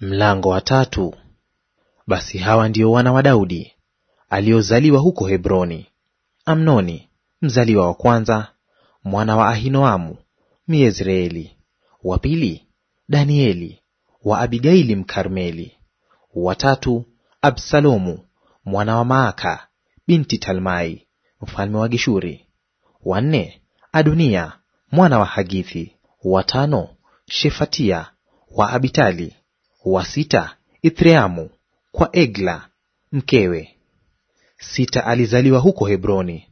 Mlango wa tatu. Basi hawa ndio wana wa Daudi aliozaliwa huko Hebroni: Amnoni mzaliwa wa kwanza, mwana wa Ahinoamu Myezreeli; wa pili, Danieli wa Abigaili Mkarmeli; wa tatu, Absalomu mwana wa Maaka binti Talmai mfalme wa Geshuri; wa nne, Adonia mwana wa Hagithi; wa tano, Shefatia wa Abitali wa sita Ithreamu kwa Egla mkewe. Sita alizaliwa huko Hebroni,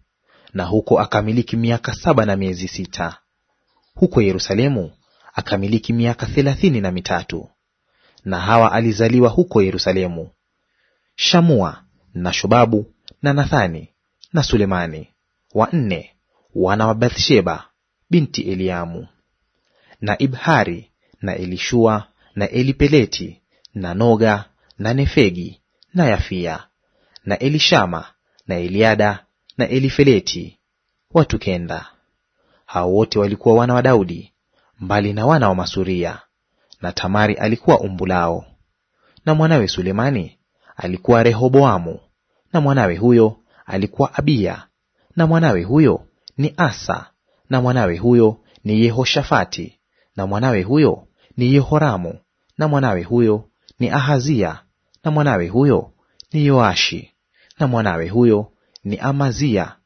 na huko akamiliki miaka saba na miezi sita. Huko Yerusalemu akamiliki miaka thelathini na mitatu. Na hawa alizaliwa huko Yerusalemu: Shamua na Shobabu na Nathani na Sulemani, wanne wana wa Bathsheba binti Eliamu, na Ibhari na Elishua na Elipeleti na Noga na Nefegi na Yafia na Elishama na Eliada na Elifeleti, watu kenda. Hao wote walikuwa wana wa Daudi, mbali na wana wa Masuria, na Tamari alikuwa umbu lao. Na mwanawe Sulemani alikuwa Rehoboamu, na mwanawe huyo alikuwa Abiya, na mwanawe huyo ni Asa, na mwanawe huyo ni Yehoshafati, na mwanawe huyo ni Yehoramu na mwanawe huyo ni Ahazia na mwanawe huyo ni Yoashi na mwanawe huyo ni Amazia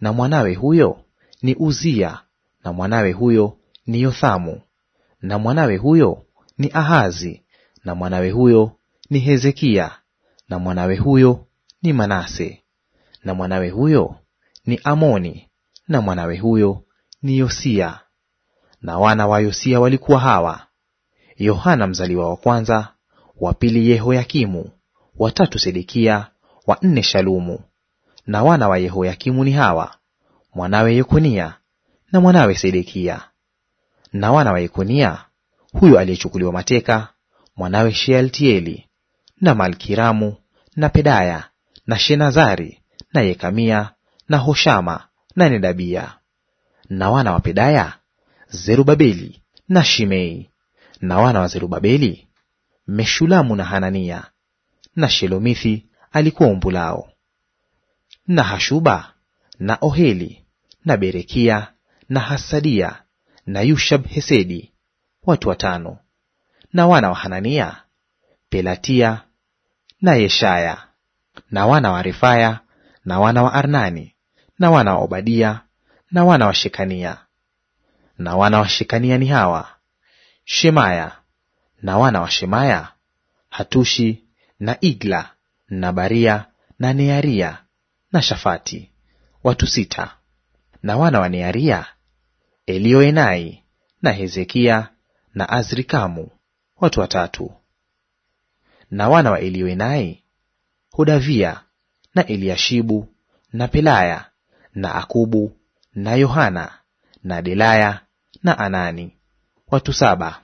na mwanawe huyo ni Uzia na mwanawe huyo ni Yothamu na mwanawe huyo ni Ahazi na mwanawe huyo ni Hezekia na mwanawe huyo ni Manase na mwanawe huyo ni Amoni na mwanawe huyo ni Yosia. Na wana wa Yosia walikuwa hawa: Yohana mzaliwa wa kwanza, wa pili Yehoyakimu, wa tatu Sedekia, wa nne Shalumu. Na wana wa Yehoyakimu ni hawa: mwanawe Yekonia na mwanawe Sedekia. Na wana wa Yekonia huyo aliyechukuliwa mateka, mwanawe Shealtieli na Malkiramu na Pedaya na Shenazari na Yekamia na Hoshama na Nedabia. Na wana wa Pedaya, Zerubabeli na Shimei na wana wa Zerubabeli, Meshulamu na Hanania na Shelomithi alikuwa umbu lao, na Hashuba na Oheli na Berekia na Hasadia na Yushab Hesedi, watu watano. Na wana wa Hanania Pelatia na Yeshaya. Na wana wa Refaya na wana wa Arnani na wana wa Obadia na wana wa Shekania. Na wana wa Shekania ni hawa Shemaya na wana wa Shemaya, Hatushi na Igla na Baria na Nearia na Shafati, watu sita. Na wana wa Nearia, Elioenai na Hezekia na Azrikamu, watu watatu. Na wana wa Elioenai, Hodavia na Eliashibu na Pelaya na Akubu na Yohana na Delaya na Anani watu saba